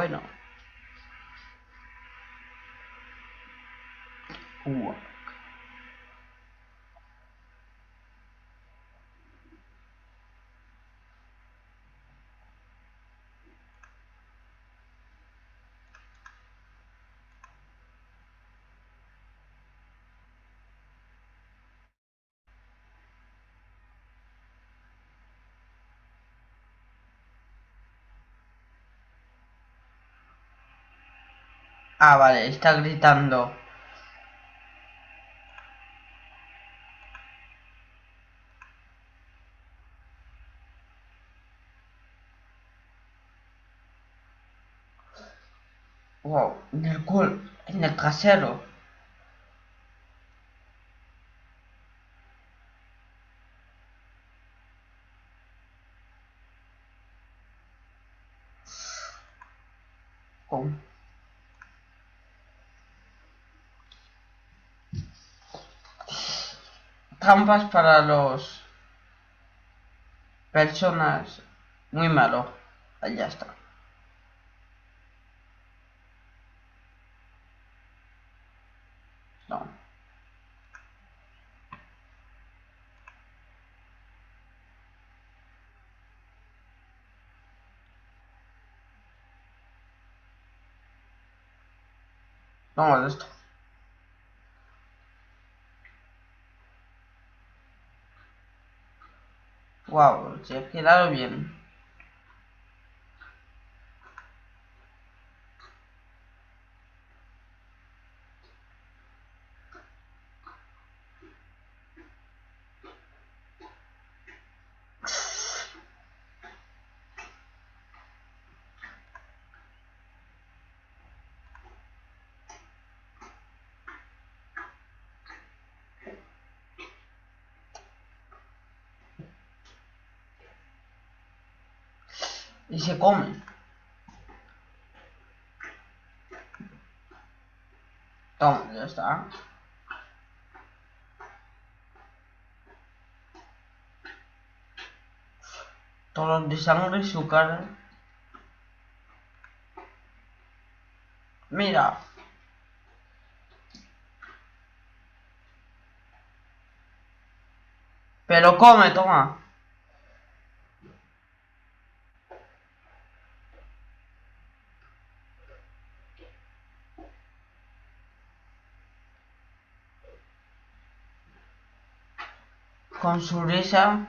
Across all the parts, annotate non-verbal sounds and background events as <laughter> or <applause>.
why not? Ah, vale, está gritando. Wow, en el culo, en el trasero. campas para los personas muy malo. ahí ya está. No. Vamos no, esto. Wow, se ha quedado bien. y se come Toma, ya está. Todos de sangre su cara. Mira. Pero come, toma. con su risa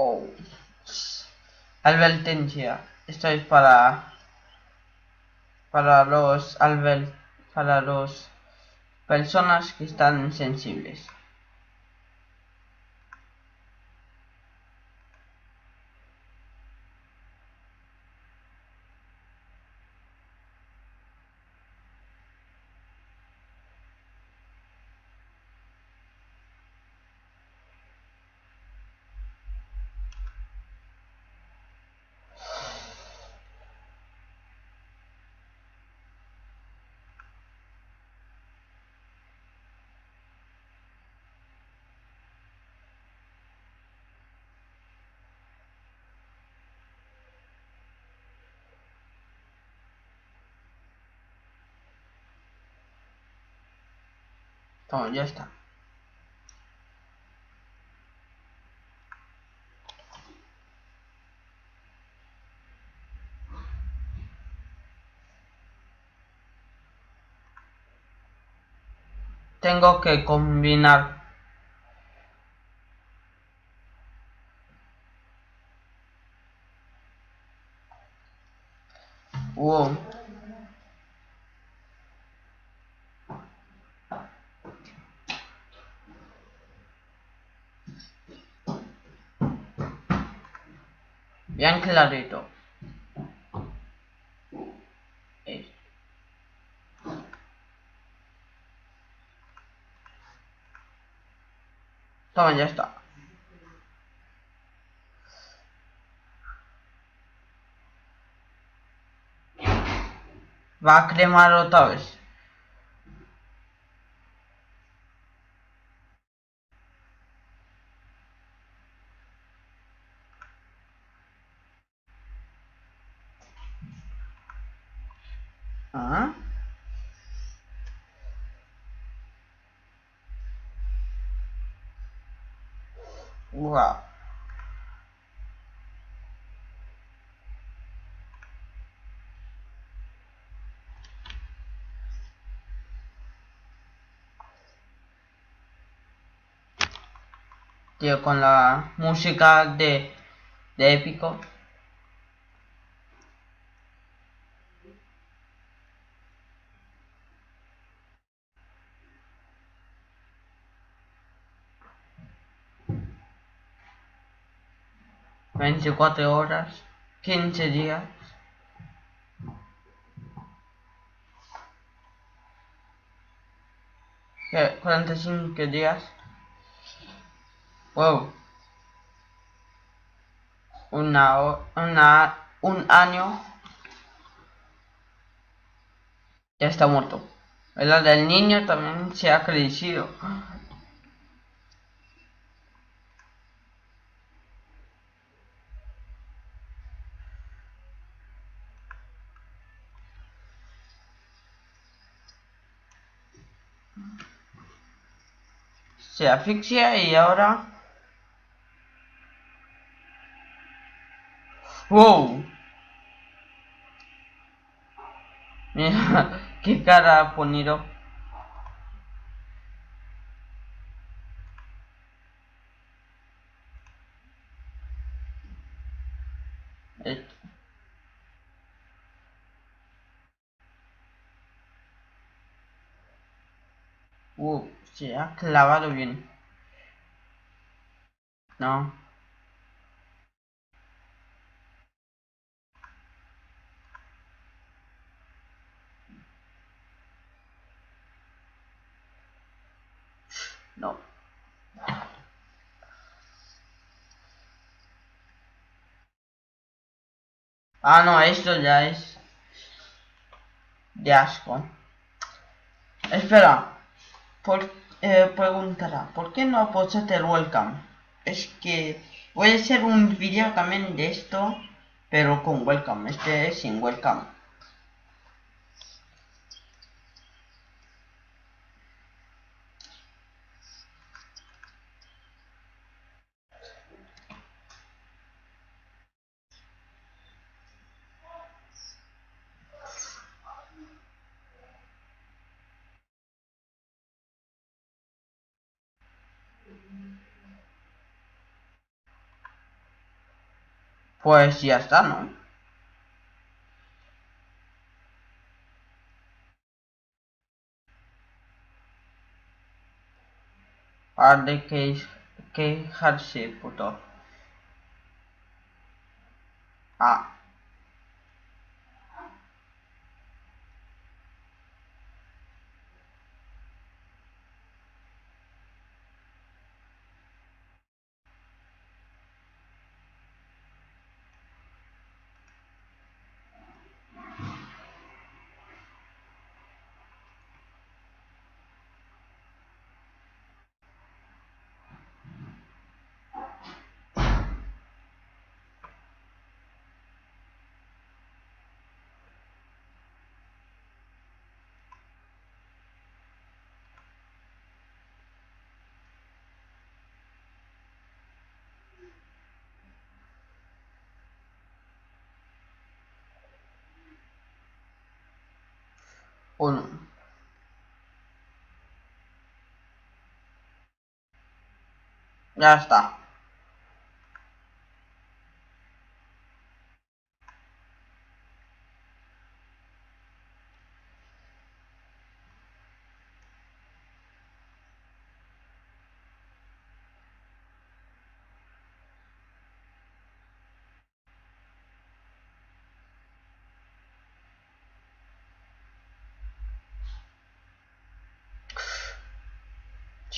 Oh. Esto es para para los para los personas que están sensibles. Toma, ya está. Tengo que combinar clarito. ya está. Va a cremar otra vez. con la música de, de épico. 24 horas, 15 días. 45 días. Wow. Una, un año. Ya está muerto. El del niño también se ha crecido. se asfixia y ahora... ¡Wow! Mira, <laughs> qué cara ha ponido. Se ¿eh? ha clavado bien. No. No. Ah, no, esto ya es de asco. Espera, ¿por eh, preguntará, ¿por qué no apoyaste el welcome? Es que voy a hacer un video también de esto, pero con welcome, este es sin welcome. Pues ya está, ¿no? Har de que quejarse, puto. Ah. Uno. Ya está.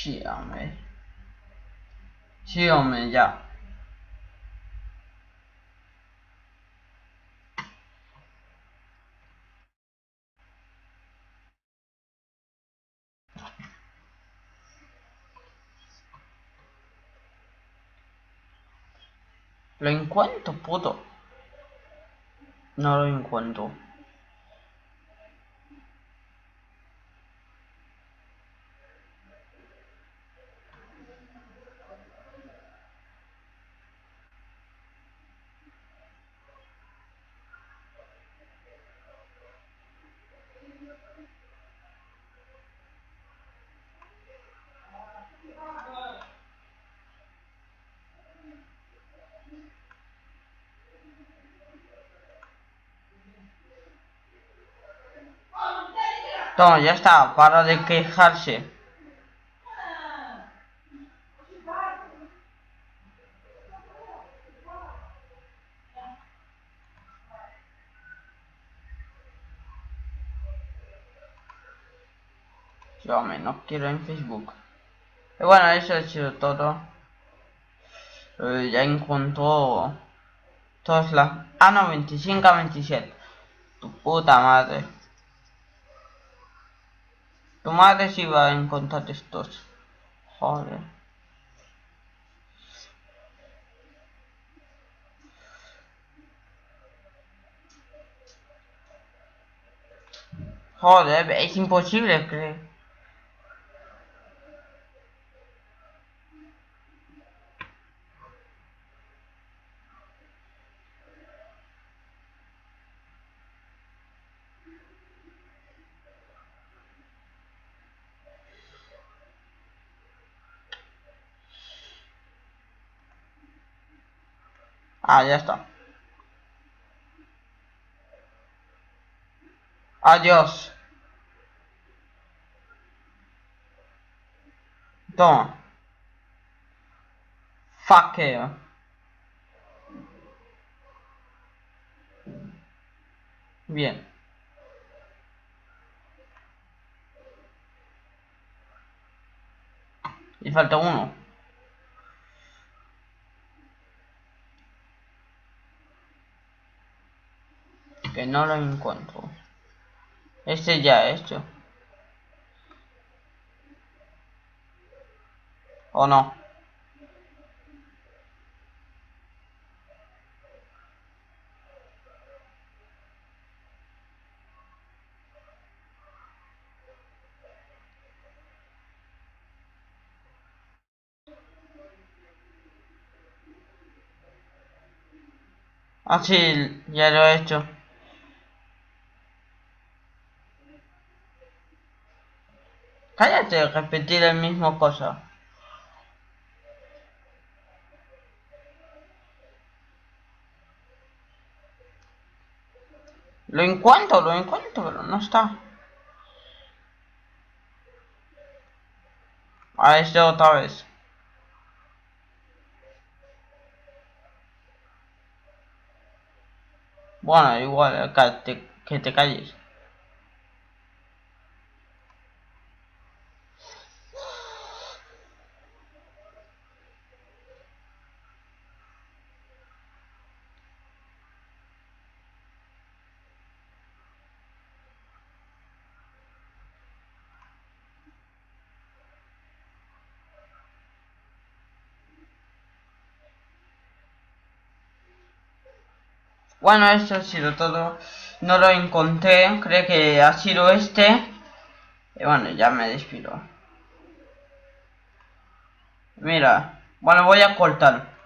Sí, hombre. Sí, hombre, ya. Lo encuentro, puto. No lo encuentro. No, ya está, para de quejarse. Yo me no quiero en Facebook. Y bueno, eso ha sido todo. Eh, ya encontró todas las... Ah, no, 25 a 27. Tu puta madre. Tu si va a encontrar estos. Joder. Joder, es imposible creer. Ah, ya está. Adiós. Toma. you Bien. Y falta uno. no lo encuentro. Este ya hecho. Este. ¿O no? Ah, ya lo he hecho. repetir el mismo cosa. Lo encuentro, lo encuentro, pero no está. A este otra vez. Bueno, igual, acá te, que te calles. Bueno, esto ha sido todo. No lo encontré, creo que ha sido este. Y bueno, ya me despido. Mira, bueno, voy a cortar.